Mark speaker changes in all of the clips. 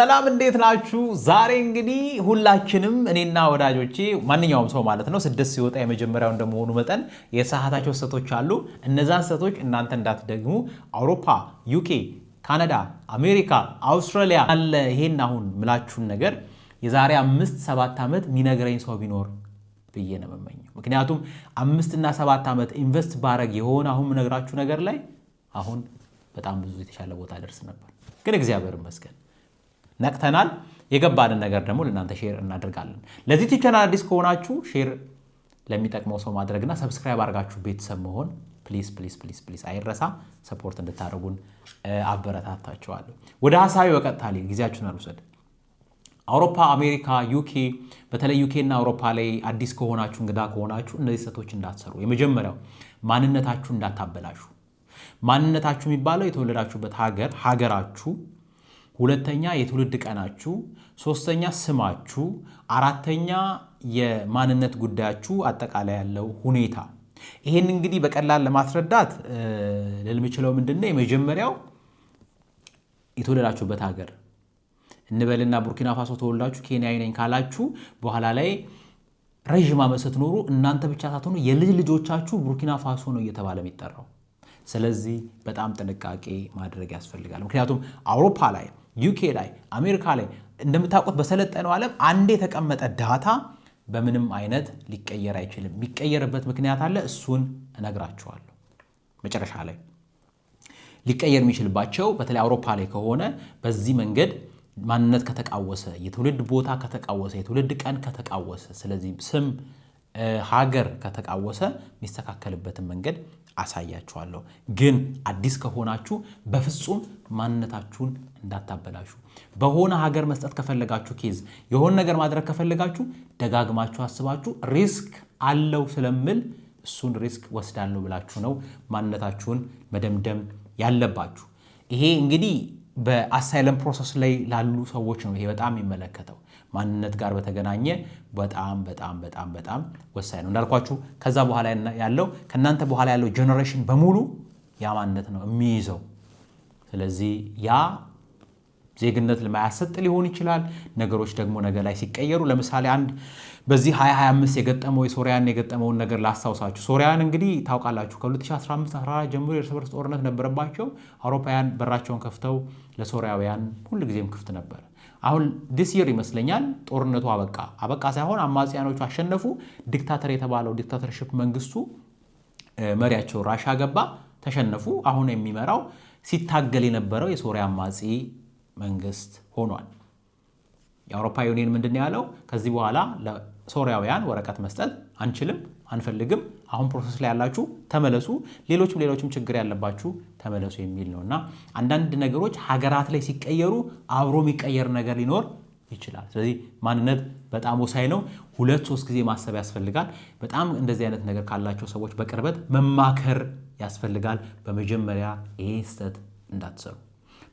Speaker 1: ሰላም እንዴት ናችሁ? ዛሬ እንግዲህ ሁላችንም እኔና ወዳጆቼ ማንኛውም ሰው ማለት ነው ስደት ሲወጣ የመጀመሪያው እንደመሆኑ መጠን የሰዓታቸው ስህተቶች አሉ። እነዛን ስህተቶች እናንተ እንዳትደግሙ አውሮፓ፣ ዩኬ፣ ካናዳ፣ አሜሪካ፣ አውስትራሊያ አለ ይሄን አሁን ምላችሁን ነገር የዛሬ አምስት ሰባት ዓመት የሚነግረኝ ሰው ቢኖር ብዬ ነው የምመኘው። ምክንያቱም አምስትና ሰባት ዓመት ኢንቨስት ባረግ የሆነ አሁን የምነግራችሁ ነገር ላይ አሁን በጣም ብዙ የተሻለ ቦታ ደርስ ነበር። ግን እግዚአብሔር ይመስገን ነቅተናል። የገባንን ነገር ደግሞ ለእናንተ ሼር እናደርጋለን። ለዚህ ዩቲዩብ አዲስ ከሆናችሁ ሼር ለሚጠቅመው ሰው ማድረግና ሰብስክራይብ አድርጋችሁ ቤተሰብ መሆን ፕሊስ ፕሊዝ ፕሊዝ አይረሳ። ሰፖርት እንድታደርጉን አበረታታችኋለሁ። ወደ ሀሳቢ በቀጥታ ጊዜያችሁን አልውሰድ። አውሮፓ፣ አሜሪካ፣ ዩኬ በተለይ ዩኬ እና አውሮፓ ላይ አዲስ ከሆናችሁ እንግዳ ከሆናችሁ እነዚህ ሰቶች እንዳትሰሩ። የመጀመሪያው ማንነታችሁ እንዳታበላሹ። ማንነታችሁ የሚባለው የተወለዳችሁበት ሀገር ሀገራችሁ ሁለተኛ የትውልድ ቀናችሁ፣ ሶስተኛ ስማችሁ፣ አራተኛ የማንነት ጉዳያችሁ አጠቃላይ ያለው ሁኔታ። ይህን እንግዲህ በቀላል ለማስረዳት ልምችለው ምንድን ነው የመጀመሪያው የተወለዳችሁበት ሀገር እንበልና ቡርኪና ፋሶ ተወልዳችሁ ኬንያዊ ነኝ ካላችሁ በኋላ ላይ ረዥም ዓመት ስትኖሩ እናንተ ብቻ ሳትሆኑ የልጅ ልጆቻችሁ ቡርኪና ፋሶ ነው እየተባለ የሚጠራው። ስለዚህ በጣም ጥንቃቄ ማድረግ ያስፈልጋል። ምክንያቱም አውሮፓ ላይ ዩኬ ላይ አሜሪካ ላይ እንደምታውቁት በሰለጠነው ዓለም አንድ የተቀመጠ ዳታ በምንም አይነት ሊቀየር አይችልም። የሚቀየርበት ምክንያት አለ። እሱን እነግራችኋለሁ መጨረሻ ላይ ሊቀየር የሚችልባቸው በተለይ አውሮፓ ላይ ከሆነ በዚህ መንገድ ማንነት ከተቃወሰ፣ የትውልድ ቦታ ከተቃወሰ፣ የትውልድ ቀን ከተቃወሰ፣ ስለዚህ ስም ሀገር ከተቃወሰ የሚስተካከልበትን መንገድ አሳያችኋለሁ። ግን አዲስ ከሆናችሁ በፍጹም ማንነታችሁን እንዳታበላሹ። በሆነ ሀገር መስጠት ከፈለጋችሁ ኬዝ የሆነ ነገር ማድረግ ከፈለጋችሁ ደጋግማችሁ አስባችሁ ሪስክ አለው ስለምል እሱን ሪስክ ወስዳለሁ ብላችሁ ነው ማንነታችሁን መደምደም ያለባችሁ። ይሄ እንግዲህ በአሳይለም ፕሮሰስ ላይ ላሉ ሰዎች ነው ይሄ በጣም የሚመለከተው። ማንነት ጋር በተገናኘ በጣም በጣም በጣም በጣም ወሳኝ ነው እንዳልኳችሁ። ከዛ በኋላ ያለው ከእናንተ በኋላ ያለው ጀኔሬሽን በሙሉ ያ ማንነት ነው የሚይዘው። ስለዚህ ያ ዜግነት ለማያሰጥ ሊሆን ይችላል። ነገሮች ደግሞ ነገ ላይ ሲቀየሩ ለምሳሌ አንድ በዚህ 2025 የገጠመው የሶሪያን የገጠመውን ነገር ላስታውሳችሁ። ሶሪያን እንግዲህ ታውቃላችሁ ከ2015 14 ጀምሮ የእርስ በርስ ጦርነት ነበረባቸው። አውሮፓውያን በራቸውን ከፍተው ለሶሪያውያን ሁልጊዜም ክፍት ነበር። አሁን ዲስ ይር ይመስለኛል ጦርነቱ አበቃ። አበቃ ሳይሆን አማጽያኖቹ አሸነፉ። ዲክታተር የተባለው ዲክታተርሽፕ መንግስቱ መሪያቸው ራሻ ገባ፣ ተሸነፉ። አሁን የሚመራው ሲታገል የነበረው የሶሪያ አማጺ መንግስት ሆኗል። የአውሮፓ ዩኒየን ምንድን ያለው ከዚህ በኋላ ለሶሪያውያን ወረቀት መስጠት አንችልም፣ አንፈልግም፣ አሁን ፕሮሰስ ላይ ያላችሁ ተመለሱ፣ ሌሎችም ሌሎችም ችግር ያለባችሁ ተመለሱ የሚል ነው እና አንዳንድ ነገሮች ሀገራት ላይ ሲቀየሩ አብሮ የሚቀየር ነገር ሊኖር ይችላል። ስለዚህ ማንነት በጣም ወሳኝ ነው። ሁለት ሶስት ጊዜ ማሰብ ያስፈልጋል። በጣም እንደዚህ አይነት ነገር ካላቸው ሰዎች በቅርበት መማከር ያስፈልጋል። በመጀመሪያ ይሄ ስህተት እንዳትሰሩ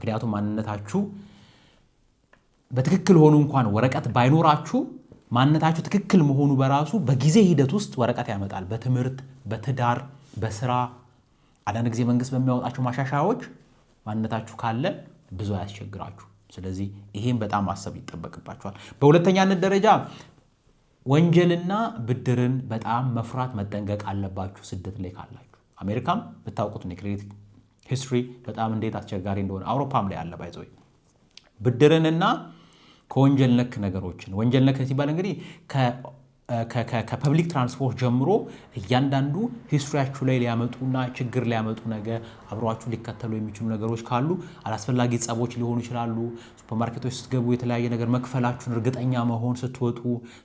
Speaker 1: ምክንያቱም ማንነታችሁ በትክክል ሆኑ እንኳን ወረቀት ባይኖራችሁ ማንነታችሁ ትክክል መሆኑ በራሱ በጊዜ ሂደት ውስጥ ወረቀት ያመጣል። በትምህርት፣ በትዳር፣ በስራ አንዳንድ ጊዜ መንግስት በሚያወጣቸው ማሻሻያዎች ማንነታችሁ ካለ ብዙ አያስቸግራችሁ። ስለዚህ ይሄን በጣም ማሰብ ይጠበቅባችኋል። በሁለተኛነት ደረጃ ወንጀልና ብድርን በጣም መፍራት መጠንቀቅ አለባችሁ። ስደት ላይ ካላችሁ አሜሪካም ብታውቁት ነው የክሬዲት ሂስትሪ በጣም እንዴት አስቸጋሪ እንደሆነ አውሮፓም ላይ አለ ባይዘ ብድርንና ከወንጀል ነክ ነገሮችን ወንጀል ነክ ሲባል እንግዲህ ከፐብሊክ ትራንስፖርት ጀምሮ እያንዳንዱ ሂስትሪያችሁ ላይ ሊያመጡና ችግር ሊያመጡ ነገ አብረችሁ ሊከተሉ የሚችሉ ነገሮች ካሉ አላስፈላጊ ጸቦች ሊሆኑ ይችላሉ። ሱፐርማርኬቶች ስትገቡ የተለያየ ነገር መክፈላችሁን እርግጠኛ መሆን ስትወጡ፣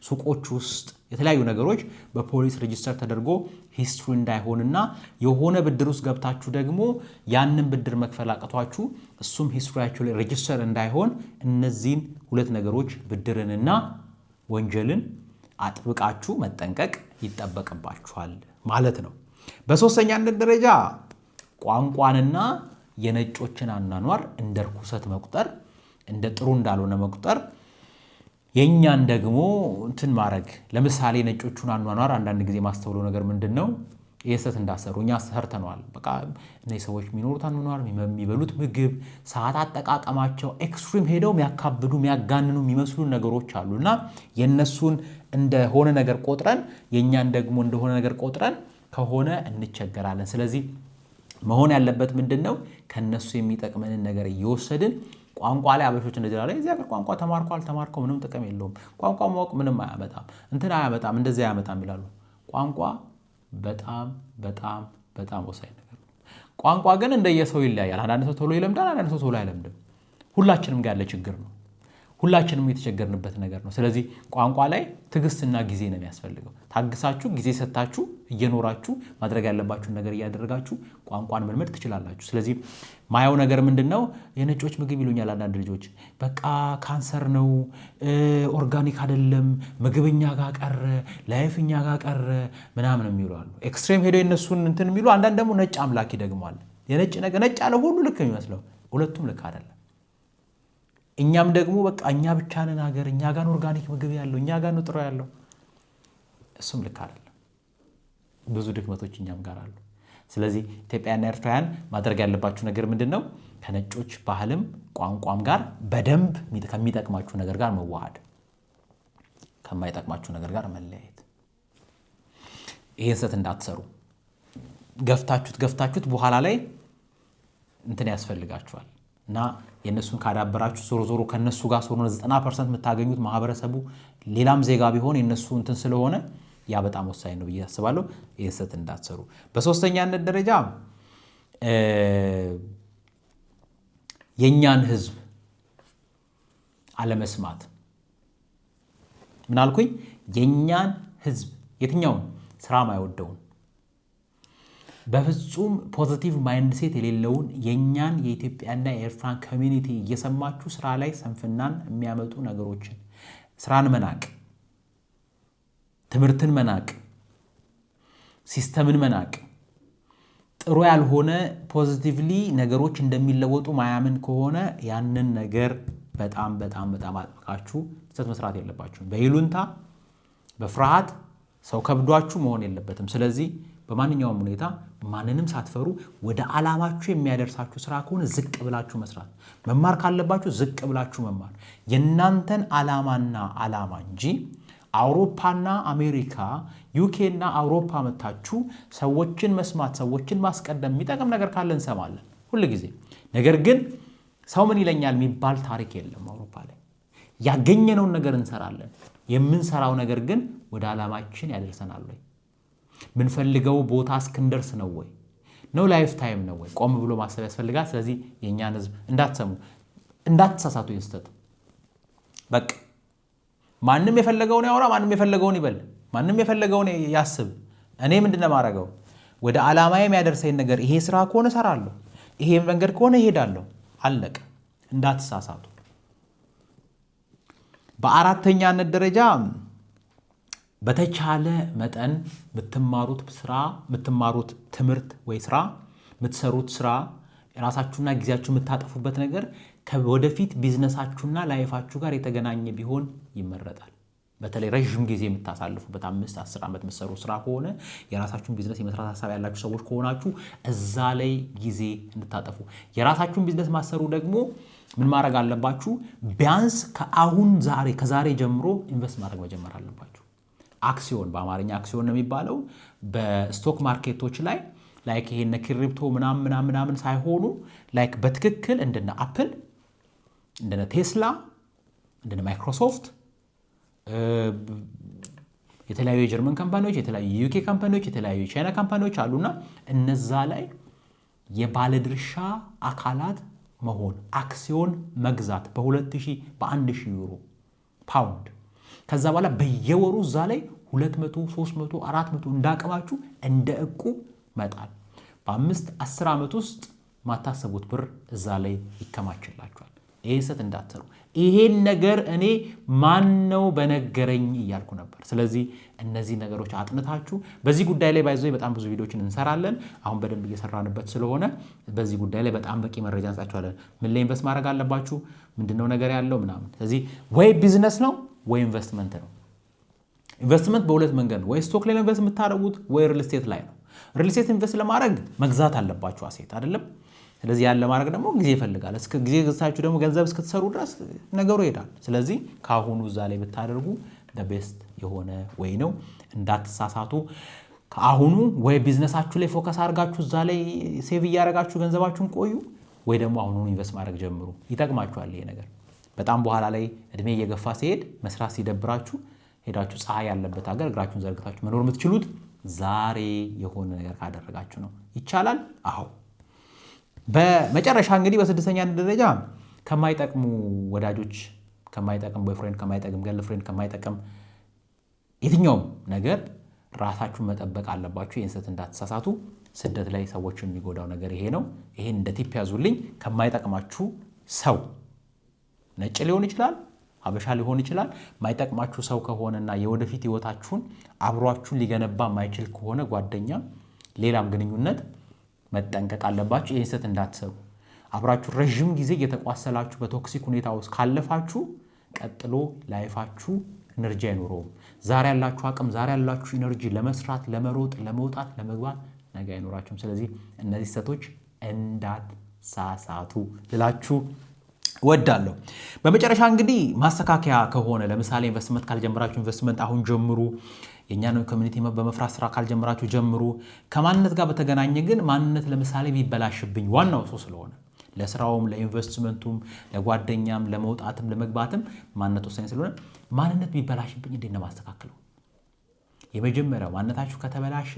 Speaker 1: ሱቆች ውስጥ የተለያዩ ነገሮች በፖሊስ ሬጅስተር ተደርጎ ሂስትሪ እንዳይሆንና የሆነ ብድር ውስጥ ገብታችሁ ደግሞ ያንን ብድር መክፈል አቅቷችሁ እሱም ሂስትሪያችሁ ላይ ሬጅስተር እንዳይሆን እነዚህን ሁለት ነገሮች ብድርንና ወንጀልን አጥብቃችሁ መጠንቀቅ ይጠበቅባችኋል ማለት ነው። በሶስተኛነት ደረጃ ቋንቋንና የነጮችን አኗኗር እንደ ርኩሰት መቁጠር፣ እንደ ጥሩ እንዳልሆነ መቁጠር የእኛን ደግሞ እንትን ማድረግ ለምሳሌ ነጮቹን አኗኗር አንዳንድ ጊዜ ማስተውለው ነገር ምንድን ነው? የሰት እንዳሰሩ እኛ ሰርተነዋል። በቃ እነዚህ ሰዎች የሚኖሩት አኗኗር፣ የሚበሉት ምግብ፣ ሰዓት አጠቃቀማቸው ኤክስትሪም ሄደው የሚያካብዱ የሚያጋንኑ የሚመስሉ ነገሮች አሉ እና የእነሱን እንደሆነ ነገር ቆጥረን የእኛን ደግሞ እንደሆነ ነገር ቆጥረን ከሆነ እንቸገራለን። ስለዚህ መሆን ያለበት ምንድን ነው? ከእነሱ የሚጠቅመንን ነገር እየወሰድን ቋንቋ ላይ አበሾች እንደዚህ ላይ እዚህ ሀገር ቋንቋ ተማርኮ አልተማርከው ምንም ጥቅም የለውም፣ ቋንቋ ማወቅ ምንም አያመጣም፣ እንትን አያመጣም፣ እንደዚህ አያመጣም ይላሉ። ቋንቋ በጣም በጣም በጣም ወሳኝ ነገር ነው። ቋንቋ ግን እንደየሰው ይለያያል። አንዳንድ ሰው ቶሎ ይለምዳል፣ አንዳንድ ሰው ቶሎ አይለምድም። ሁላችንም ጋር ያለ ችግር ነው። ሁላችንም የተቸገርንበት ነገር ነው። ስለዚህ ቋንቋ ላይ ትዕግስትና ጊዜ ነው የሚያስፈልገው። ታግሳችሁ ጊዜ ሰታችሁ እየኖራችሁ ማድረግ ያለባችሁን ነገር እያደረጋችሁ ቋንቋን መልመድ ትችላላችሁ። ስለዚህ ማየው ነገር ምንድን ነው? የነጮች ምግብ ይሉኛል አንዳንድ ልጆች፣ በቃ ካንሰር ነው፣ ኦርጋኒክ አይደለም፣ ምግብኛ ጋ ጋር ቀረ፣ ላይፍኛ ጋር ቀረ ምናምን የሚሉ አሉ። ኤክስትሬም ሄደው የነሱን እንትን የሚሉ አንዳንድ ደግሞ ነጭ አምላክ ይደግሟል። የነጭ ነገር ነጭ ያለ ሁሉ ልክ የሚመስለው ሁለቱም ልክ አይደለም። እኛም ደግሞ በቃ እኛ ብቻ ነን ሀገር እኛ ጋን ኦርጋኒክ ምግብ ያለው እኛ ጋን ጥሮ ያለው እሱም ልክ አይደለም። ብዙ ድክመቶች እኛም ጋር አሉ። ስለዚህ ኢትዮጵያና ኤርትራውያን ማድረግ ያለባችሁ ነገር ምንድን ነው? ከነጮች ባህልም ቋንቋም ጋር በደንብ ከሚጠቅማችሁ ነገር ጋር መዋሃድ፣ ከማይጠቅማችሁ ነገር ጋር መለያየት። ይህን ስህተት እንዳትሰሩ። ገፍታችሁት ገፍታችሁት በኋላ ላይ እንትን ያስፈልጋችኋል እና የእነሱን ካዳበራችሁ ዞሮ ዞሮ ከእነሱ ጋር ስለሆነ ዘጠና ፐርሰንት የምታገኙት ማህበረሰቡ ሌላም ዜጋ ቢሆን የእነሱ እንትን ስለሆነ ያ በጣም ወሳኝ ነው ብዬ አስባለሁ። እንዳትሰሩ። በሶስተኛነት ደረጃ የእኛን ህዝብ አለመስማት። ምናልኩኝ የእኛን ህዝብ የትኛውን ስራ ማይወደውን በፍጹም ፖዘቲቭ ማይንድሴት የሌለውን የእኛን የኢትዮጵያና የኤርትራን ኮሚኒቲ እየሰማችሁ ስራ ላይ ሰንፍናን የሚያመጡ ነገሮችን፣ ስራን መናቅ፣ ትምህርትን መናቅ፣ ሲስተምን መናቅ ጥሩ ያልሆነ ፖዚቲቭሊ ነገሮች እንደሚለወጡ ማያምን ከሆነ ያንን ነገር በጣም በጣም በጣም አጥብቃችሁ ስህተት መስራት የለባችሁም። በይሉንታ በፍርሃት ሰው ከብዷችሁ መሆን የለበትም። ስለዚህ በማንኛውም ሁኔታ ማንንም ሳትፈሩ ወደ ዓላማችሁ የሚያደርሳችሁ ስራ ከሆነ ዝቅ ብላችሁ መስራት፣ መማር ካለባችሁ ዝቅ ብላችሁ መማር የእናንተን ዓላማና ዓላማ እንጂ አውሮፓና አሜሪካ ዩኬና አውሮፓ መታችሁ ሰዎችን መስማት ሰዎችን ማስቀደም የሚጠቅም ነገር ካለ እንሰማለን ሁል ጊዜ። ነገር ግን ሰው ምን ይለኛል የሚባል ታሪክ የለም። አውሮፓ ላይ ያገኘነውን ነገር እንሰራለን። የምንሰራው ነገር ግን ወደ ዓላማችን ያደርሰናል ወይ? ምንፈልገው ቦታ እስክንደርስ ነው ወይ ነው ላይፍ ታይም ነው ወይ? ቆም ብሎ ማሰብ ያስፈልጋል። ስለዚህ የእኛን ህዝብ እንዳትሰሙ፣ እንዳትሳሳቱ። ይስተት በቅ ማንም የፈለገውን ያውራ፣ ማንም የፈለገውን ይበል፣ ማንም የፈለገውን ያስብ። እኔ ምንድን ነው ወደ ዓላማ የሚያደርሰኝ ነገር ይሄ ስራ ከሆነ እሰራለሁ፣ ይሄ መንገድ ከሆነ ይሄዳለሁ አለቀ። እንዳትሳሳቱ። በአራተኛነት ደረጃ በተቻለ መጠን የምትማሩት ስራ የምትማሩት ትምህርት ወይ ስራ የምትሰሩት ስራ የራሳችሁና ጊዜያችሁ የምታጠፉበት ነገር ከወደፊት ቢዝነሳችሁና ላይፋችሁ ጋር የተገናኘ ቢሆን ይመረጣል። በተለይ ረዥም ጊዜ የምታሳልፉበት አምስት አስር ዓመት የምትሰሩ ስራ ከሆነ የራሳችሁን ቢዝነስ የመስራት ሀሳብ ያላችሁ ሰዎች ከሆናችሁ እዛ ላይ ጊዜ እንድታጠፉ። የራሳችሁን ቢዝነስ ማሰሩ ደግሞ ምን ማድረግ አለባችሁ? ቢያንስ ከአሁን ዛሬ ከዛሬ ጀምሮ ኢንቨስት ማድረግ መጀመር አለባችሁ። አክሲዮን በአማርኛ አክሲዮን ነው የሚባለው በስቶክ ማርኬቶች ላይ ላይክ ይሄን ክሪፕቶ ምናምን ምናምን ምናምን ሳይሆኑ ላይክ በትክክል እንደነ አፕል እንደነ ቴስላ እንደነ ማይክሮሶፍት የተለያዩ የጀርመን ካምፓኒዎች፣ የተለያዩ የዩኬ ካምፓኒዎች፣ የተለያዩ የቻይና ካምፓኒዎች አሉና እነዛ ላይ የባለድርሻ አካላት መሆን አክሲዮን መግዛት በ2000 በ1000 ዩሮ ፓውንድ ከዛ በኋላ በየወሩ እዛ ላይ ሁለት መቶ ሶስት መቶ አራት መቶ እንዳቅማችሁ እንደ እቁብ መጣል በአምስት አስር ዓመት ውስጥ ማታሰቡት ብር እዛ ላይ ይከማችላችኋል። ይሄ ሰት እንዳትሉ። ይሄን ነገር እኔ ማን ነው በነገረኝ እያልኩ ነበር። ስለዚህ እነዚህ ነገሮች አጥንታችሁ በዚህ ጉዳይ ላይ ባይዞ በጣም ብዙ ቪዲዮችን እንሰራለን። አሁን በደንብ እየሰራንበት ስለሆነ በዚህ ጉዳይ ላይ በጣም በቂ መረጃ እንሰጣችኋለን። ምን ላይ ኢንቨስት ማድረግ አለባችሁ፣ ምንድነው ነገር ያለው ምናምን። ስለዚህ ወይ ቢዝነስ ነው ወይ ኢንቨስትመንት ነው። ኢንቨስትመንት በሁለት መንገድ ነው። ወይ ስቶክ ላይ ኢንቨስት የምታደርጉት ወይ ሪል ስቴት ላይ ነው። ሪል ስቴት ኢንቨስት ለማድረግ መግዛት አለባችሁ አሴት አይደለም። ስለዚህ ያን ለማድረግ ደግሞ ጊዜ ይፈልጋል። እስከ ጊዜ ገዝታችሁ ደግሞ ገንዘብ እስክትሰሩ ድረስ ነገሩ ይሄዳል። ስለዚህ ከአሁኑ እዛ ላይ ብታደርጉ ቤስት የሆነ ወይ ነው። እንዳትሳሳቱ። ከአሁኑ ወይ ቢዝነሳችሁ ላይ ፎከስ አድርጋችሁ እዛ ላይ ሴቭ እያደረጋችሁ ገንዘባችሁን ቆዩ፣ ወይ ደግሞ አሁኑ ኢንቨስት ማድረግ ጀምሩ። ይጠቅማችኋል ይሄ ነገር በጣም በኋላ ላይ እድሜ እየገፋ ሲሄድ መስራት ሲደብራችሁ ሄዳችሁ ፀሐይ ያለበት ሀገር እግራችሁን ዘርግታችሁ መኖር የምትችሉት ዛሬ የሆነ ነገር ካደረጋችሁ ነው። ይቻላል? አዎ። በመጨረሻ እንግዲህ በስድስተኛ ደረጃ ከማይጠቅሙ ወዳጆች፣ ከማይጠቅም ቦይፍሬንድ፣ ከማይጠቅም ገርል ፍሬንድ፣ ከማይጠቅም የትኛውም ነገር ራሳችሁን መጠበቅ አለባችሁ። ይህን እንዳትሳሳቱ። ስደት ላይ ሰዎችን የሚጎዳው ነገር ይሄ ነው። ይሄን እንደ ቲፕ ያዙልኝ። ከማይጠቅማችሁ ሰው ነጭ ሊሆን ይችላል አበሻ ሊሆን ይችላል። ማይጠቅማችሁ ሰው ከሆነና የወደፊት ህይወታችሁን አብሯችሁን ሊገነባ ማይችል ከሆነ ጓደኛ፣ ሌላም ግንኙነት መጠንቀቅ አለባችሁ። ይህን ስህተት እንዳትሰሩ። አብራችሁ ረዥም ጊዜ እየተቋሰላችሁ በቶክሲክ ሁኔታ ውስጥ ካለፋችሁ ቀጥሎ ላይፋችሁ ኢነርጂ አይኖረውም። ዛሬ ያላችሁ አቅም፣ ዛሬ ያላችሁ ኢነርጂ ለመስራት፣ ለመሮጥ፣ ለመውጣት፣ ለመግባት ነገ አይኖራችሁም። ስለዚህ እነዚህ ስህተቶች እንዳትሳሳቱ ልላችሁ ወዳለሁ። በመጨረሻ እንግዲህ ማስተካከያ ከሆነ ለምሳሌ ኢንቨስትመንት ካልጀመራችሁ ኢንቨስትመንት አሁን ጀምሩ። የእኛን ኮሚኒቲ በመፍራት ስራ ካልጀመራችሁ ጀምሩ። ከማንነት ጋር በተገናኘ ግን ማንነት ለምሳሌ ቢበላሽብኝ ዋናው ሰው ስለሆነ ለስራውም ለኢንቨስትመንቱም ለጓደኛም ለመውጣትም ለመግባትም ማንነት ወሳኝ ስለሆነ ማንነት ቢበላሽብኝ እንዴት ነው ማስተካክለው? የመጀመሪያው ማንነታችሁ ከተበላሸ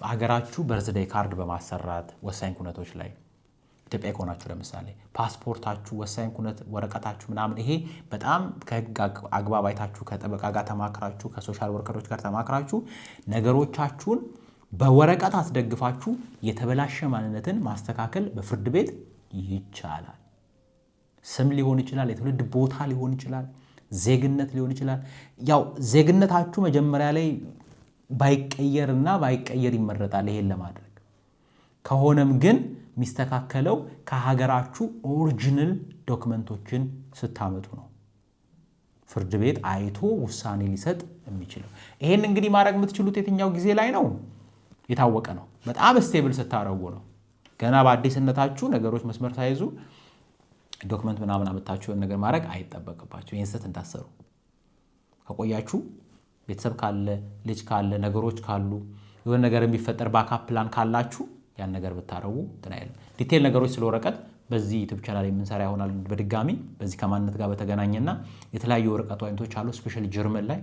Speaker 1: በሀገራችሁ በርዝደይ ካርድ በማሰራት ወሳኝ ኩነቶች ላይ ኢትዮጵያ ከሆናችሁ ለምሳሌ ፓስፖርታችሁ፣ ወሳኝ ኩነት ወረቀታችሁ ምናምን ይሄ በጣም ከህግ አግባብ አይታችሁ ከጠበቃ ጋር ተማክራችሁ ከሶሻል ወርከሮች ጋር ተማክራችሁ ነገሮቻችሁን በወረቀት አስደግፋችሁ የተበላሸ ማንነትን ማስተካከል በፍርድ ቤት ይቻላል። ስም ሊሆን ይችላል፣ የትውልድ ቦታ ሊሆን ይችላል፣ ዜግነት ሊሆን ይችላል። ያው ዜግነታችሁ መጀመሪያ ላይ ባይቀየርና ባይቀየር ይመረጣል ይሄን ለማድረግ ከሆነም ግን የሚስተካከለው ከሀገራችሁ ኦሪጂናል ዶክመንቶችን ስታመጡ ነው። ፍርድ ቤት አይቶ ውሳኔ ሊሰጥ የሚችለው ይሄን እንግዲህ ማድረግ የምትችሉት የትኛው ጊዜ ላይ ነው? የታወቀ ነው። በጣም ስቴብል ስታደረጉ ነው። ገና በአዲስነታችሁ ነገሮች መስመር ሳይዙ ዶክመንት ምናምን አመታችሁን ነገር ማድረግ አይጠበቅባቸው ይህን ስህተት ከቆያችሁ ቤተሰብ ካለ ልጅ ካለ ነገሮች ካሉ የሆነ ነገር የሚፈጠር ባካፕላን ካላችሁ ያን ነገር ብታረጉ እንትን አይልም። ዲቴል ነገሮች ስለ ወረቀት በዚህ ዩትብ ቻናል የምንሰራ ይሆናል። በድጋሚ በዚህ ከማንነት ጋር በተገናኘና የተለያዩ ወረቀቱ አይነቶች አሉ። ስፔሻሊ ጀርመን ላይ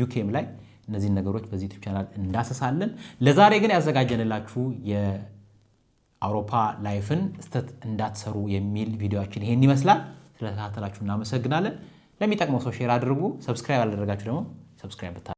Speaker 1: ዩኬም ላይ እነዚህን ነገሮች በዚህ ዩቱብ ቻናል እንዳሰሳለን። ለዛሬ ግን ያዘጋጀንላችሁ የአውሮፓ ላይፍን ስተት እንዳትሰሩ የሚል ቪዲዮችን ይሄን ይመስላል። ስለተከታተላችሁ እናመሰግናለን። ለሚጠቅመው ሰው ሼር አድርጉ። ሰብስክራይብ አላደረጋችሁ ደግሞ ሰብስክራይብ ብታ